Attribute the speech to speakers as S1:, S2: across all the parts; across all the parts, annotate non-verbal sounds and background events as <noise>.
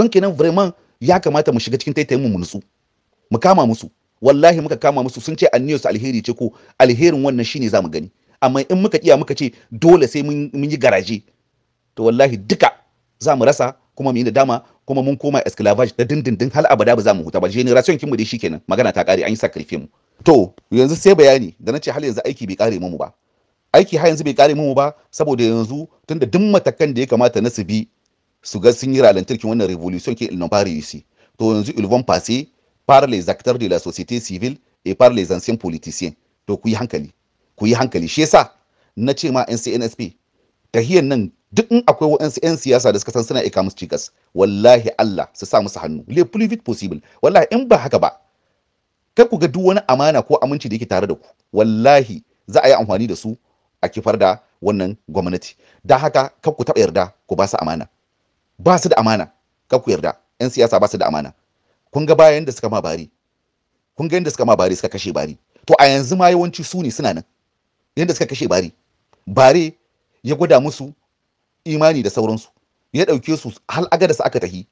S1: don kenan vraiment ya kamata mu shiga cikin taitayin mu nutsu mu kama musu wallahi muka kama musu sun ce su alheri ce ko alherin wannan shine zamu gani amma in muka kiya muka ce dole sai mun yi garaje to wallahi duka za rasa kuma mu yi da dama kuma mun koma esclavage da dindindin hal abada ba za mu huta ba generation kinmu dai shikenan magana ta kare an yi sacrifice mu to yanzu sai bayani da nace hal yanzu aiki bai kare mu ba aiki har yanzu bai kare mu ba saboda yanzu tunda duk matakan da ya kamata na su bi su ga sun yi ralentar kin wannan revolution ke ilnon pas to yanzu ils vont passer par les acteurs de la société civile et par les anciens politiciens to ku yi hankali ku yi hankali shi yasa na ce ma NCNSP tahiyar nan duk in akwai waɗansu 'yan siyasa da suka san suna ika musu cikas wallahi Allah su sa musu hannu le plus vite possible wallahi in ba haka ba kai ku ga duk wani amana ko aminci da yake tare da ku wallahi za a yi amfani da su a kifar da wannan gwamnati da haka kar ku taɓa yarda ku ba su amana ba su da amana ka ku yarda yan siyasa ba su da amana kun ga bayan da suka ma bari kun ga yadda suka ma bari suka kashe bari to a yanzu ma yawanci su ne suna nan yadda suka kashe bari bare ya gwada musu imani da sauransu ya ɗauke su hal aga da su aka tahi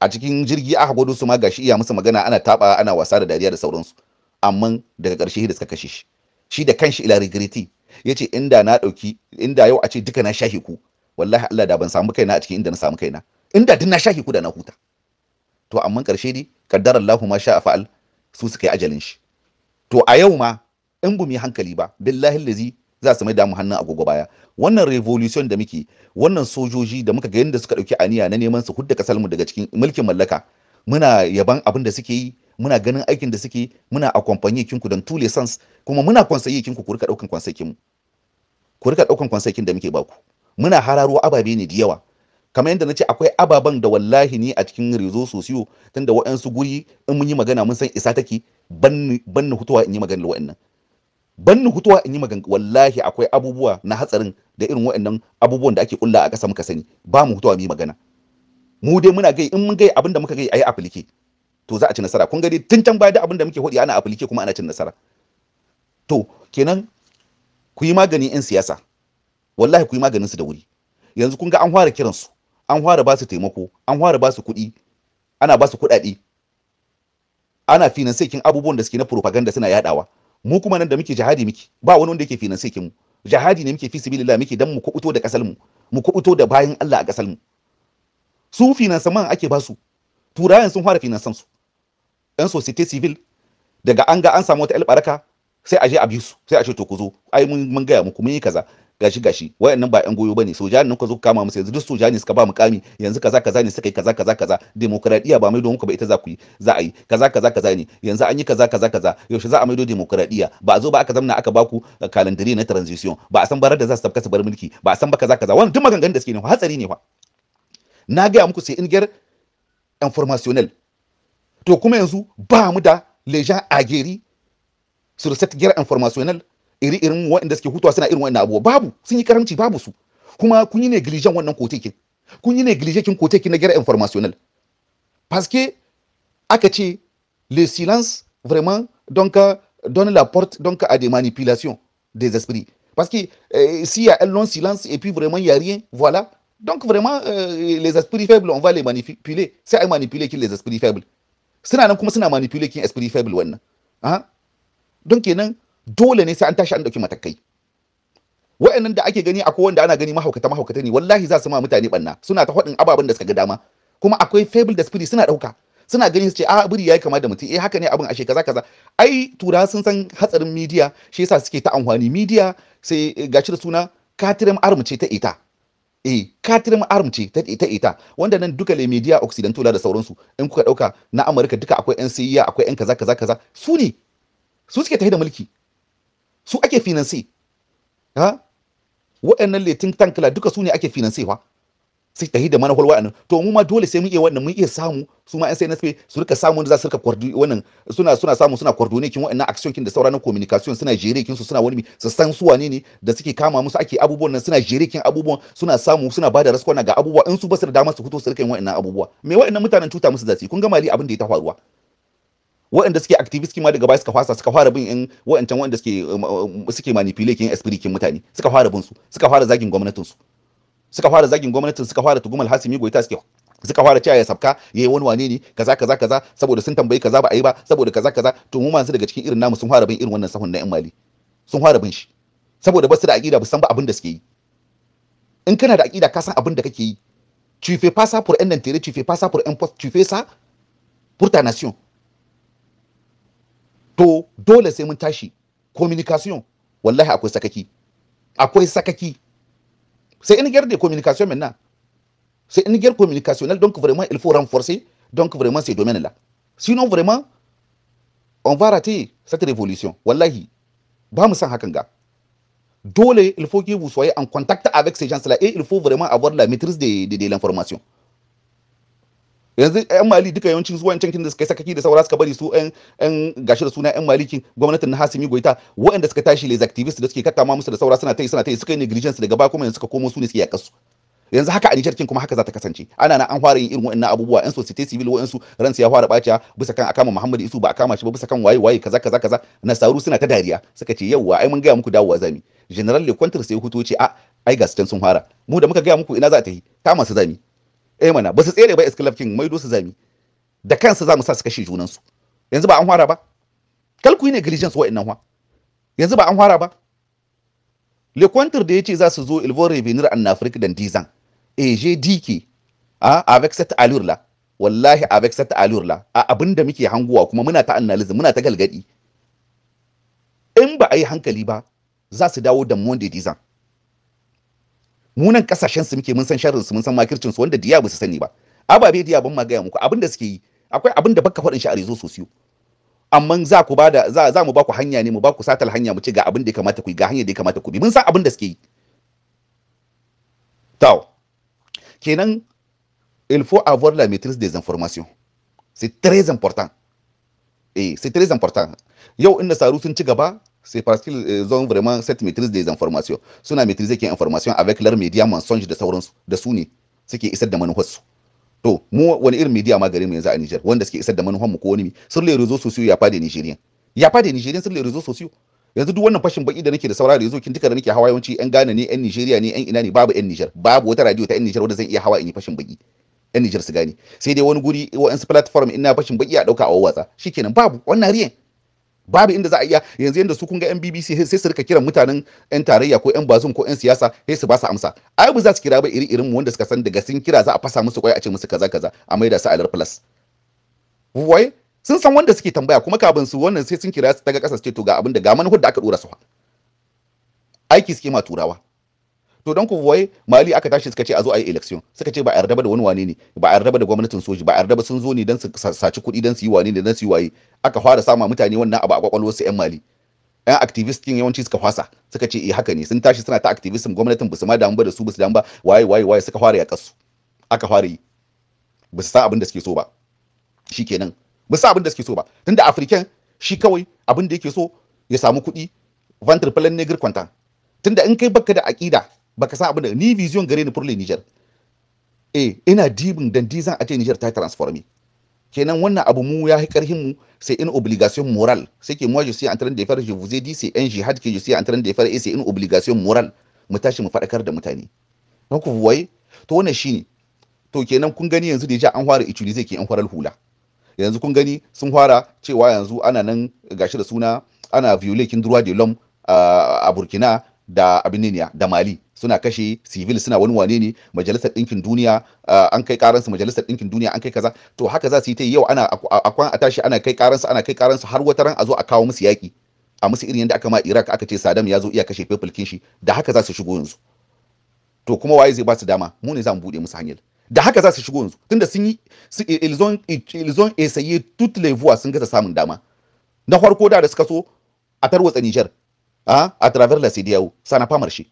S1: a cikin jirgi aka gwado su ma gashi iya musu magana ana taba ana wasa da dariya da sauransu amma daga ƙarshe da suka kashe shi shi da kanshi ila regreti ya ce inda na ɗauki inda yau a ce duka na shahi ku wallahi Allah da ban samu kaina a cikin inda na samu kaina inda duk na shahi ku da na huta to amma karshe dai kaddara Allah ma sha fa'al su suka yi ajalin shi to a yau ma in bu mu hankali ba billahi lazi za su mai mu hannun agogo baya wannan revolution da muke wannan sojoji da muka ga yadda suka dauki aniya na neman su hudda kasar mu daga cikin mulkin mallaka muna yaban abin da suke yi muna ganin aikin da suke muna a kwamfani kinku don tule sans kuma muna kwansayi kinku ku rika daukan kwansakin mu ku rika daukan kwansakin da muke baku muna hararo ababe ne da yawa kamar yadda na ce akwai ababen da wallahi ni a cikin rezo sosiyo tunda waɗansu guri in mun yi magana mun san isa take ban ni hutuwa in yi magana da waɗannan ban ni hutuwa in yi magana wallahi akwai abubuwa na hatsarin da irin waɗannan abubuwan da ake kulla a ƙasa muka sani ba mu hutuwa mu yi magana mu dai muna gai in mun gai abin da muka gai ayi aplike to za a ci nasara kun gani tun can baya da abin da muke hodi ana aplike kuma ana cin nasara to kenan ku yi magani 'yan siyasa wallahi ku yi maganin su da wuri yanzu kun ga an fara kiran su an fara ba su taimako an fara ba su kuɗi ana ba su kuɗaɗe ana finansekin abubuwan da suke na propaganda suna yadawa mu kuma nan da muke jihadi muke ba wani wanda yake finansekin mu jihadi ne muke fi sabilillah muke dan mu kubuto da kasar mu mu kubuto da bayan Allah a kasar mu su man ake ba su turayen sun fara finansan su yan society civil daga an ga an samu wata albaraka sai a je a bi su sai a ce to ku zo ai mun gaya muku mun yi kaza gashi gashi wayannan ba yan goyo bane sojani ne kuka zo kama musu yanzu duk sojani suka ba mukami yanzu kaza kaza ne suka yi kaza kaza kaza demokradiya ba maido muku ba ita za ku yi za a yi kaza kaza kaza ne yanzu an yi kaza kaza kaza yaushe za a maido demokradiya ba a zo ba aka zamna aka baku kalandiri uh, na transition ba a san barar da za su tafka su bar mulki ba a san ba kaza kaza wannan duk maganganun da suke ne hatsari ne fa na gaya muku sai ingiyar informationnel to kuma yanzu ba mu da lejan ageri sur cette guerre informationnelle iri-irin waɗanda suke hutuwa suna irin waɗannan abubuwa babu sun yi karanci babu su kuma kun yi neglijen wannan kotekin kun yi neglijekin kotekin na guerre informationnel parce que aka ce le silence vraiment donc donne la porte donc à des manipulations des esprits parce que euh, s'il y a un long silence et puis vraiment il y a rien voilà donc vraiment euh, les esprits faibles on va les manipuler c'est à manipuler qui les esprits faibles suna nan kuma suna manipuler kin esprit faible wannan ah hein? donc kenan dole ne sai an tashi an dauki matakai wa'annan da ake gani akwai wanda ana gani mahaukata mahaukata ne wallahi za su ma mutane banna suna ta faɗin ababen da suka ga dama kuma akwai fable da spirit suna dauka suna ganin su ce a biri yayi kama da mutum eh haka ne abin ashe kaza kaza ai tura sun san hatsarin media shi yasa suke ta anhwani media sai eh, gashi da suna katirin arm ce ta ita eh katirin arm ce ta ita ita wanda nan duka le media occidental da sauransu in kuka dauka na amurka duka akwai yan e akwai yan kaza kaza kaza su ne su suke ta da mulki su ake finance ha waɗannan letin tankila duka su ne ake finance fa sai tahi da manahol wa'annan to mu ma dole sai mun iya wannan mun iya samu su ma 'yan sai na su rika samu da za su rika kwardu wannan suna suna samu suna kwardu ne kin wa'annan action kin da sauran communication suna jere kin su suna wani su san su wane ne da suke kama musu ake abubuwan nan suna jere kin abubuwan suna samu suna bada raskwana ga abubuwa in su basu da dama su fito su rika yin wa'annan abubuwa me wa'annan mutanen tuta musu zaci kun ga mali abin da ya ta faruwa waɗanda suke activist ma daga baya suka fasa suka fara bin in waɗancan waɗanda suke um, um, um, suke manipulate kin esprit kin mutane suka fara bin su suka fara zagin gwamnatin su suka fara zagin gwamnatin suka fara tugumal hasimi goita suke suka fara cewa ya sabka yayi wani wane ne kaza kaza kaza saboda sun tambayi kaza ba a yi ba saboda kaza kaza to mu masu daga cikin irin namu sun fara bin irin wannan sahun na yan mali sun fara bin shi saboda ba su da aqida ba san ba abin da suke yi in kana da aqida ka san abin da kake yi tu fais pas ça pour un intérêt tu fais pas ça pour un poste tu fais ça pour ta nation dole communication c'est une guerre de communication maintenant c'est une guerre communicationnelle donc vraiment il faut renforcer donc vraiment ces domaines là sinon vraiment on va rater cette révolution wallahi dole il faut que vous soyez en contact avec ces gens là et il faut vraiment avoir la maîtrise de l'information yanzu yan mali duka yawancin zuwan wancan da suka sakaki da saura suka bari su yan yan gashi da suna yan malikin gwamnatin na Hasimi Goita waɗanda suka tashi les activists da suke kakkama musu da saura suna yi suna yi suka yi negligence daga ba kuma yanzu suka komo su ne suke su yanzu haka a Nijar kuma haka za ta kasance ana na an fara yin irin waɗannan abubuwa yan society civil wa'ansu ransu ya fara ɓaciya bisa kan akama Muhammad Isu ba a kama shi ba bisa kan waye waye kaza kaza kaza na suna ta dariya suka ce yauwa ai mun gaya muku dawowa zami general le contre sai hutu ce a ai gasitan sun fara mu da muka gaya muku ina za ta yi ta masu zami eh mana ba su tsere ba king mai su zami da kansu za mu sa su kashe junansu yanzu ba an fara ba kalku ne negligence wa'annan wa yanzu ba an fara ba le contre da yace za su zo ils vont revenir en Afrique dan dizan ans et eh, j'ai dit avec cette allure là wallahi avec cette allure là a abinda muke hanguwa kuma muna ta analysis muna ta galgadi in ba a yi hankali ba za su dawo da monde dizan. Munan kasashen su muke mun san sharrin su mun san makircin su wanda diya ba su sani ba ababe diya ban magaya muku abin da suke yi akwai abin da baka faɗin shi a rezo sosiyo amma za ku bada za za mu ba ku hanya ne mu ba ku satal hanya mu ce ga abin da ya kamata ku yi ga hanyar da ya kamata ku bi mun san abin da suke yi taw kenan il faut avoir la maîtrise des informations c'est très important eh c'est très important yau inda saru sun ci gaba c'est parce qu'ils euh, ont vraiment cette maîtrise des informations. Suna maîtrisé les information avec leurs médias mensonges da sauransu da su ne suke isar da manufarsu. To, mu wani irin media ma mu yanzu a Niger wanda suke isar da manufar mu ko wani sur les réseaux sociaux ya n'y a Ya de Nigériens sur les réseaux sociaux. Yanzu duk wannan fashin baki da nake da saurara yanzu kin duka da nake hawa yawanci yan Ghana ne, yan Nigeria ne, yan ina ne babu yan Niger. Babu wata radio ta yan Niger wanda zan iya hawa in yi fashin baki. Yan Niger su gane. Sai dai wani guri wa'ansu platform ina fashin baki a dauka a wawwatsa. Shikenan babu wannan riyan. babu inda za a iya yanzu yanda su kun ga yan BBC sai su rika kiran mutanen yan tarayya ko yan bazun ko yan siyasa sai su ba su amsa ai ba za su kira ba iri irin mu wanda suka san daga sun kira za a fasa musu kwai a ce musu kaza kaza a maida su alar plus wai sun san wanda suke tambaya kuma kafin su wannan sai sun kira su daga kasa su ce to ga abin da ga manhud da aka dora su aiki suke ma turawa to don ku wai mali aka tashi suka ce a zo a yi election suka ce ba a yarda ba da wani wane ne ba a yarda ba da gwamnatin soji ba a yarda ba sun zo ne don su saci kuɗi don su yi wane ne don su yi waye aka fara sama mutane wannan abu a su yan mali yan activist kin yawanci suka fasa suka ce eh haka ne sun tashi suna ta activism gwamnatin ba su ma damu ba da su ba su damu ba waye waye waye suka fara ya su aka fara yi ba su sa abin da suke so ba shikenan ba su sa abin da suke so ba tunda african shi kawai abin da yake so ya samu kuɗi ventripolar negri kwanta tunda in kai baka da aƙida baka san abin da ni vision gare ni furle Niger eh ina dibin dan dizan a ce Niger ta transforme kenan wannan abu mu ya yi karhin mu Sai in obligation moral. Sai ke moi je suis en train de faire je vous ai dit c'est un jihad que je suis en train de faire et c'est une obligation moral mu tashi mu faɗakar da mutane don ku waye to wannan shine to kenan kun gani yanzu da ja an fara zai ke an farar hula yanzu kun gani sun fara cewa yanzu ana nan gashi da suna ana violating droit de l'homme a Burkina da abin da mali suna kashe civil suna wani wane ne majalisar ɗinkin duniya ah, an kai karansu majalisar ɗinkin duniya an kai kaza to haka za su yi ta yau ana akwan a tashi ana kai karansu ana kai karansu har wata ran a zo a kawo musu yaƙi a musu irin yadda aka ma Iraq aka ce Saddam ya zo iya kashe fefulkin shi da haka za su shigo yanzu to kuma waye zai ba su dama mu ne za mu buɗe musu hanyar da haka za su shigo yanzu tunda sun yi ilzon ont essayé toutes les voies sun gasa samun dama na farko da da suka so a tarwatsa Niger a ah, a travers la CDAO sana famar shi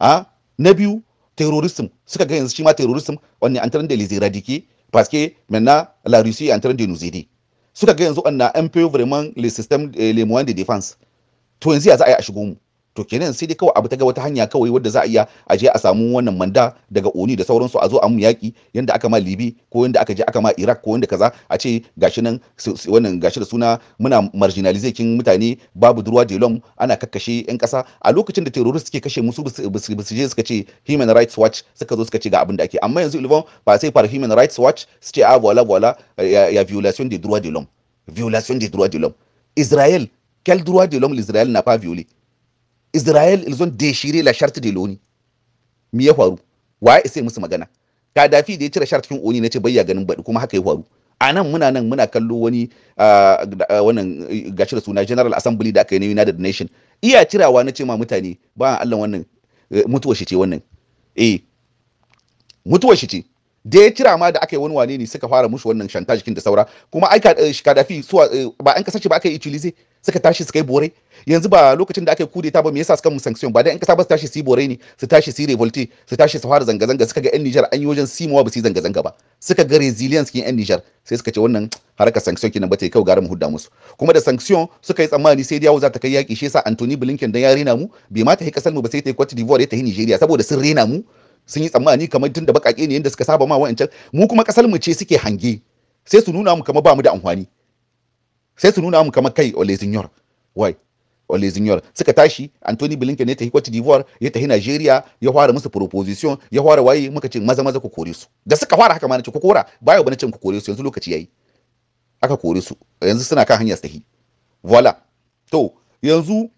S1: a na ah, biyu terrorism suka ga yanzu shi ma terrorism wanne en train de les éradiquer parce que maintenant la Russie est en train de nous aider suka ga yanzu on a un peu vraiment les systèmes les moyens de défense to yanzu ya za a yi a shigo mu to kenan sai dai kawai abu ta ga wata hanya kawai wadda za a iya a je a samu wannan manda daga oni da sauransu a zo a mu yaki yanda aka ma libi ko yanda aka je aka ma iraq ko yanda kaza a ce gashi nan wannan gashi da suna muna marginalizakin mutane babu durwa delom ana kakkashe yan kasa a lokacin da terrorists suke kashe musu su je suka ce human rights watch suka zo suka ce ga abin da ake amma yanzu ilvon ba sai fara human rights watch su ce a ah, voila voila ya violation des droits de l'homme violation des droits de l'homme israel quel droit de l'homme l'israel n'a pas violé Israel ils ont déchiré la sharti de loni mi ya faru wa sai musu magana Kadafi da ya cire sharti oni na ce bayya ganin baɗi kuma haka ya faru a nan muna nan muna kallo wani wannan gashi da suna General Assembly da aka yi na United Nation iya cirawa na ce ma mutane ba Allah wannan eh, mutuwar shi ce wannan eh mutuwar shi ce da ya kira ma da aka yi wani wane ne suka fara mushi wannan shantajikin da saura kuma aika kadafi eh, suwa eh, ba an kasance ba aka yi utilize suka tashi suka yi bore yanzu ba lokacin da aka yi kudeta ba me yasa suka mu sanction ba dan an kasa ba su tashi su yi bore ne su tashi su yi revolte su tashi su fara zanga zanga suka ga yan Niger an yi wajen simawa ba su yi zanga zanga ba suka ga resilience kin yan Niger sai suka ce wannan haraka sanction kinan ba ta yi kawai gara mu hudda musu kuma da sanction suka yi tsammani sai yawo za ta kai yaki shi yasa Anthony Blinken dan ya rena mu bai ma ta yi kasar mu ba sai ta yi Cote d'Ivoire ta yi Nigeria saboda sun rena mu sun yi tsammani kamar tun da bakake ne yadda suka saba ma wa'ancan mu kuma kasar mu ce suke hange sai su nuna mu kamar ba mu da amfani sai su nuna mu kamar kai ole senior wai ole senior suka tashi Anthony Blinken ya tafi Cote d'Ivoire ya tafi Nigeria ya fara musu proposition ya fara waye muka ce maza maza ku kore su da suka fara haka ma na ce ku kora ba bayo bane ce ku kore su yanzu lokaci yayi aka kore su yanzu suna kan hanyar sahi voila to yanzu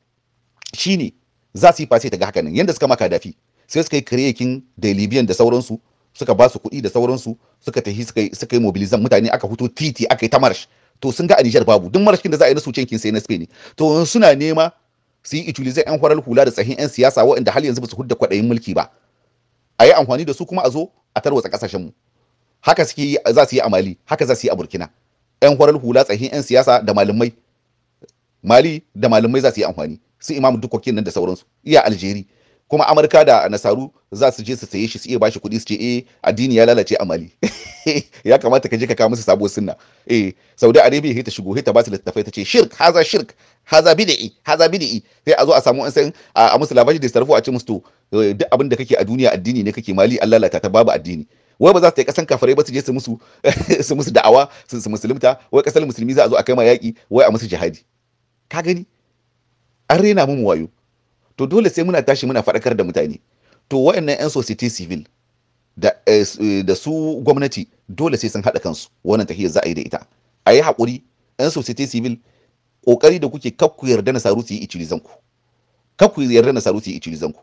S1: shine za su yi face ta ga nan, yanda suka maka dafi sai suka yi kirekin da libyan da sauransu suka ba su kuɗi da sauransu suka tafi suka yi suka mobilizan mutane aka fito titi aka yi ta marsh to sun ga a Niger babu duk marshkin da za a yi na sucen kin sai na Spain to suna nema su yi utilize yan kwaral hula da tsahin yan siyasa waɗanda har yanzu ba su hudda kwaɗayin mulki ba a yi amfani da su kuma a zo a tarwatsa ƙasashenmu mu haka suke yi za su yi a Mali haka za su yi a Burkina yan kwaral hula tsahin yan siyasa da malamai Mali da malamai za su yi amfani su imam dukokin nan da sauransu iya Algeria kuma amurka da nasaru za su je su saye shi su iya bashi kuɗi su ce eh addini ya lalace a mali <laughs> ya kamata ka je ka kawo musu sabuwar sunna eh saudi arabia hita shigo hita ba su littafai ta ce shirk haza shirk haza bid'i haza bid'i sai a zo a samu an san a musu labashi da sarfu a ce musu to eh, duk abin da kake a duniya addini ne kake mali an lalata ta babu addini wai ba za ta yi kasan kafirai ba su je su musu <laughs> su musu da'awa su musulunta wai kasar musulmi za a zo a kai ma yaƙi wai a musu jihadi ka gani an rena mu wayo to dole sai muna tashi muna faɗakar da mutane to wa'annan 'yan society civil da, eh, eh, da su gwamnati dole sai sun haɗa kansu wannan tafiyar za a yi da ita a yi haƙuri 'yan society civil ƙoƙari da kuke kak ku yarda na saru su yi icirizan ku ku yarda na saru su yi icirizan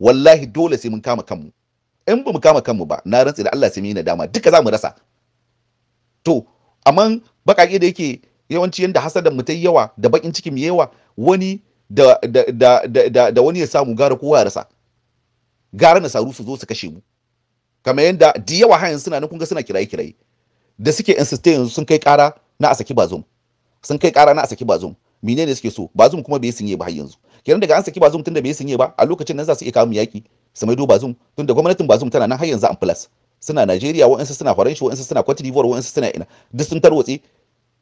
S1: wallahi dole sai mun kama kanmu in ba mu kama kanmu ba na rantsi da Allah sai mun yi nadama duka za mu rasa to amma baƙaƙe da yake yawanci yanda hasadan mu ta yawa da baƙin cikin mu yawa wani da da da da da wani ya samu gara kowa ya rasa gara na saru su zo su kashe mu kamar yadda da yawa hayan suna nan kun ga suna kiraye kiraye da suke insiste yanzu sun kai kara na a saki bazum sun kai kara na a saki bazum menene suke so bazum kuma bai sanye ba har yanzu kenan daga an saki bazum tunda bai sanye ba a lokacin nan za su iya kawo mu yaki su maido bazum tunda gwamnatin bazum tana nan har yanzu an plus suna Najeriya wa'ansu suna Faransa wa'ansu suna Cote d'Ivoire wa'ansu suna ina duk sun tarwatse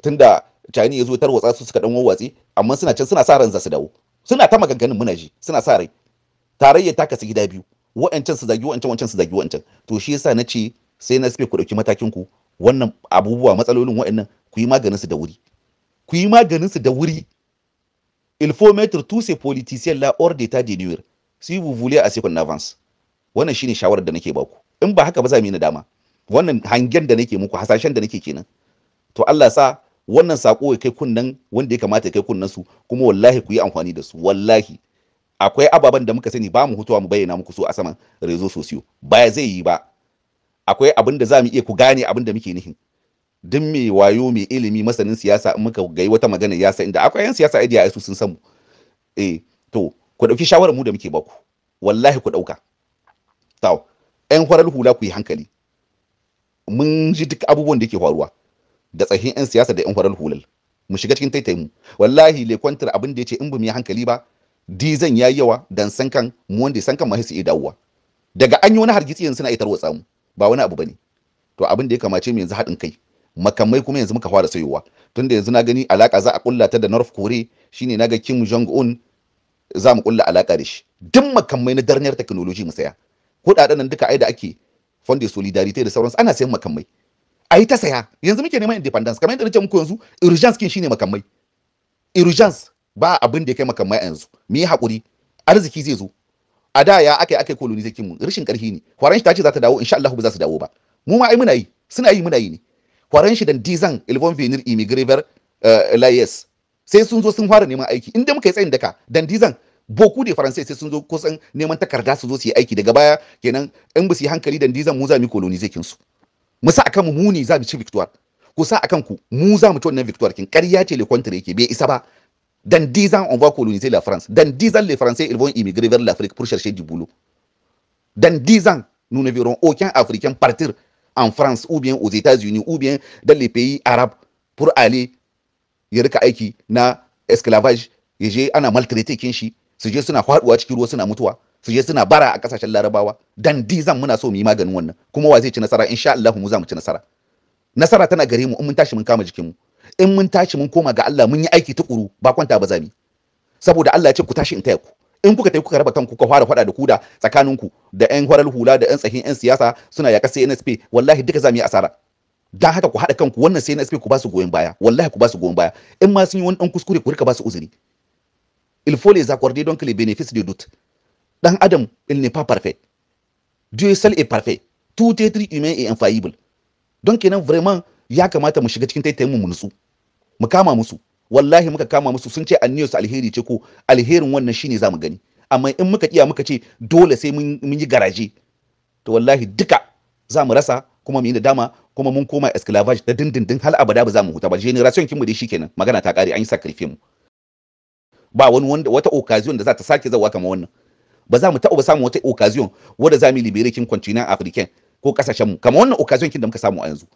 S1: tunda cani ya zo tarwatsa su suka dan wawwatse amma suna can suna sa ran za su dawo suna ta maganganun muna ji suna sa rai tarayya ta kasu gida biyu wa'ancan su zagi wa'ancan su zagi wa'ancan to shi yasa na ce sai na ku dauki matakin ku wannan abubuwa matsalolin wa'annan ku yi maganin su da wuri ku yi maganin su da wuri il faut mettre tous ces politiciens là hors d'état de nuire si vous voulez assez qu'on avance wannan shine shawarar da nake ku. in ba haka ba za mu yi nadama wannan hangen da nake muku hasashen da nake kenan to Allah sa wannan sako ya kai kunnan wanda ya kamata ya kai kunnan su kuma wallahi ku yi amfani da su wallahi akwai ababen da muka sani ba mu hutuwa mu bayyana muku su a saman rezo sosiyo baya zai yi ba akwai abin da za mu iya ku gane abin da muke nihin duk mai wayo mai ilimi masanin siyasa in muka gai wata magana ya sa inda akwai yan siyasa idiya su sun samu eh to ku dauki shawarar mu da muke baku wallahi ku dauka to ɗan farar hula ku yi hankali mun ji duk abubuwan da ke faruwa da tsahin yan siyasa da yan farar hulal mu shiga cikin taitai mu wallahi le kwantar abin da yace in ba mu yi hankali ba dizan yi yawa dan kan mu wanda kan ma sai iya dawowa daga an yi wani hargitsi yanzu suna itarwa tsamu ba wani abu bane to abin da ya kamace mu yanzu haɗin kai makamai kuma yanzu muka fara sayowa tunda yanzu na gani alaka za a kulla ta da North Korea shine ga Kim Jong Un za mu kulla alaka da shi duk makamai na darniyar technology mu saya kudaden nan duka ai da ake fondi solidarity da sauransu ana sayan makamai a ta saya yanzu muke neman independence kamar yadda na ce muku yanzu urgence kin shine makamai urgence ba abin da ya kai makamai yanzu mu yi haƙuri arziki zai zo a da ya aka yi aka koloni zai kimu rashin ƙarfi ne Kwaran shi ta ce za ta dawo insha Allah ba za su dawo ba mu ma ai muna yi suna yi muna yi ne Kwaran shi dan dizan ilvon venir imigrever eh, layes sai sun zo sun fara neman aiki inda muka yi tsayin daka dan dizan boku da faransai sai sun zo kusan neman takarda su zo su yi aiki daga baya kenan in ba su yi hankali dan dizan mu za mu koloni zai kinsu Musa ça akan mu ne za mu ci victoire ku sa akan ku mu za mu ci wannan victoire kin ƙarya ce le contre yake bai isa ba dans 10 ans on va coloniser la France dans 10 ans les français ils vont immigrer vers l'Afrique pour chercher du boulot dans 10 ans nous ne verrons aucun africain partir en France ou bien aux États-Unis ou bien dans les pays arabes pour aller ya Et aiki na esclavage yaje ana maltraite kin shi su je suna faduwa cikin ruwa suna mutuwa su je suna bara a kasashen larabawa dan zan muna so mu yi maganin wannan kuma wa zai ci nasara insha Allah mu za mu ci nasara nasara tana gare mu in mun tashi mun kama jikinmu in mun tashi mun koma ga Allah mun yi aiki tukuru ba kwanta ba zami saboda Allah ya ce ku tashi in taya ku in kuka tafi kuka raba kanku kuka fara fada da ku da tsakaninku da ƴan horar hula da ƴan tsahin ƴan siyasa suna yaƙa NSP wallahi duka zamu mu yi asara dan haka ku hada kanku wannan NSP ku ba su goyon baya wallahi ku ba su goyon baya in ma sun yi wani dan kuskure ku rika ba su uzuri il faut les accorder donc les bénéfices de doute Dan Adam, il n'est pas parfait. Dieu seul est parfait. Tout être humain est infaillible. Don kenan vraiment ya kamata mu shiga cikin taitayin mu nutsu. Mu kama musu. Wallahi muka kama musu sun ce anniyar su alheri ce ko alherin wannan shine zamu gani. Amma in muka kiya muka ce dole sai mun yi garaje. To wallahi duka za rasa kuma mu yi dama kuma mun koma esclavage da dindindin hal abada ba za mu huta ba generation kinmu dai shikenan magana ta kare an yi sacrifice mu ba wani wanda wata occasion da za ta sake zawa kamar wannan ba za mu taɓa samun wata occasion wadda za mu libere kin continent african ko kasashen mu kamar wannan occasion kin da muka samu a yanzu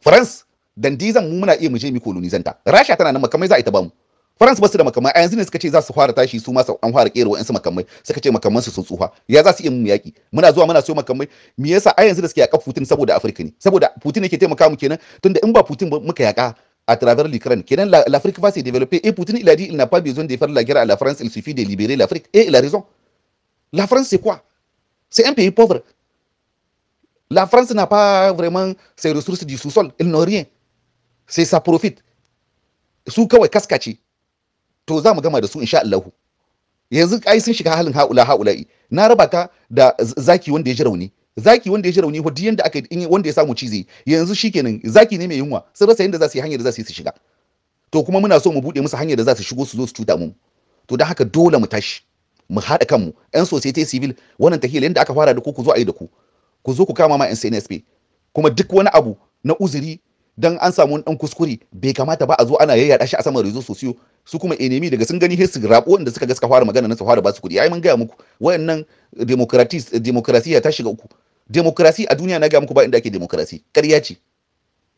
S1: france dandizan mu muna iya mu je mu colonizan ta rasha tana nan makamai za a ita ba mu france ba su da makamai a yanzu ne suka ce za su fara tashi su ma an fara kera wa'ansu makamai suka ce makaman su sun tsufa ya za su iya mu yaki muna zuwa muna so makamai me yasa a yanzu da suke yaka putin saboda afirka ne saboda putin yake taimaka mu kenan tunda in ba putin ba muka yaka à travers l'Ukraine. L'Afrique va se développer. Et Poutine, il a dit il n'a pas besoin de faire la guerre à la France, il suffit de libérer l'Afrique. Et il a raison. La France, c'est quoi C'est un pays pauvre. La France n'a pas vraiment ses ressources du sous-sol. Elle n'a rien. C'est ça profite. Su kawai kaskaci. To za gama da su insha Allah. Yanzu ai sun shiga halin haula haula'i. Na raba ka da zaki wanda ya ji zaki wanda ya ji rauni duk yanda aka wanda ya samu cizi yanzu shikenan zaki ne mai yunwa sun rasa yanda za su yi hanyar da za su yi su shiga to kuma muna so mu bude musu hanyar da za su shigo su zo su cuta mu to dan haka dole mu tashi mu haɗa kanmu yan society civil wannan tahiyar yanda aka fara da ku ku zo a yi da ku ku zo ku kama ma yan CNSP kuma duk wani abu na uzuri dan an samu dan kuskure bai kamata ba a zo ana yayyada shi a saman rezo sosiyo su kuma enemy daga sun gani su rabo wanda suka ga suka fara magana nan su fara ba su kudi ai mun gaya muku wayannan demokrasiya ta shiga uku democracy a duniya na gaya muku ba inda ake democracy ƙarya ce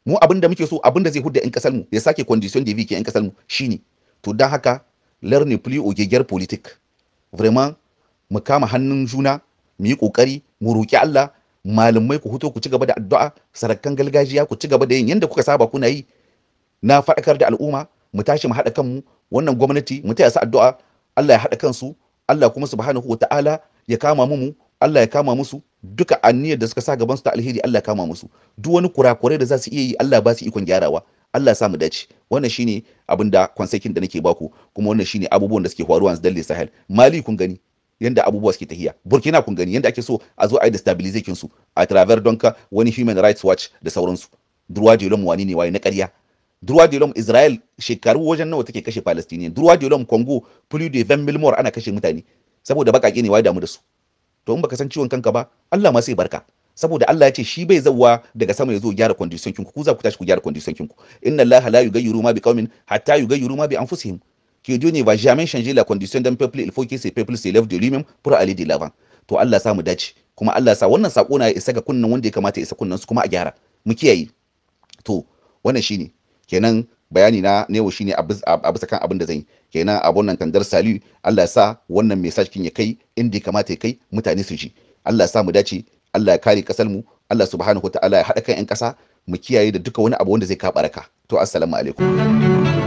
S1: mu abin da muke so abin da zai hudda yan kasar mu ya sake condition da ke yan kasar mu shine to dan haka learn play o gegger politik vraiment mu kama hannun juna mu yi kokari mu roki Allah malamai ku huto ku ci gaba da addu'a sarakan galgajiya ku ci gaba da yin yanda kuka saba kuna yi na faɗakar da al'umma mu tashi mu haɗa kanmu wannan gwamnati mu taya su addu'a Allah ya haɗa kansu Allah kuma subhanahu wata'ala ya kama mu Allah ya kama musu duka anniyar da suka sa gaban su ta alheri Allah ya kama musu duk wani kurakurai da za su iya yi Allah ba su ikon gyarawa Allah ya mu dace wannan shine abin da konsekin da nake baku kuma wannan shine abubuwan da suke faruwa a dalle sahel mali kun gani yanda abubuwa suke tahiya burkina kun gani yanda ake so a zo a yi destabilization su a travers donka wani human rights watch da sauransu Durwa lamu wani ne waye na ƙarya Druwa de l'homme Israel shekaru wajen nawa take kashe Palestinian Druwa de l'homme Congo plus de 20 morts ana kashe mutane saboda bakake ne wai damu da su to in baka san ciwon kanka ba Allah ma sai barka saboda Allah ya ce shi bai zawwa daga sama ya zo gyara condition kinku ku za ku tashi ku gyara condition kinku inna Allah la yughayyiru ma biqaumin hatta yughayyiru ma bi anfusihim ki dio ne va jamais changer la condition d'un peuple il faut que ce peuple lève de lui-même pour aller de l'avant to Allah sa mu dace kuma Allah sa wannan sako na ya isa ga kunnan wanda ya kamata ya isa kunnan su kuma a gyara mu kiyaye to wannan shine kenan bayani na ne shine a bisa kan abin da zan yi kenan abun nan kandar saliu Allah ya sa wannan message kin ya kai inda kamata ya kai mutane su ji Allah ya sa mu dace Allah ya kare kasar mu Allah subhanahu wataala ya hada kan 'yan ƙasa mu kiyaye da duka wani abu wanda zai kaɓa raka to assalamu alaikum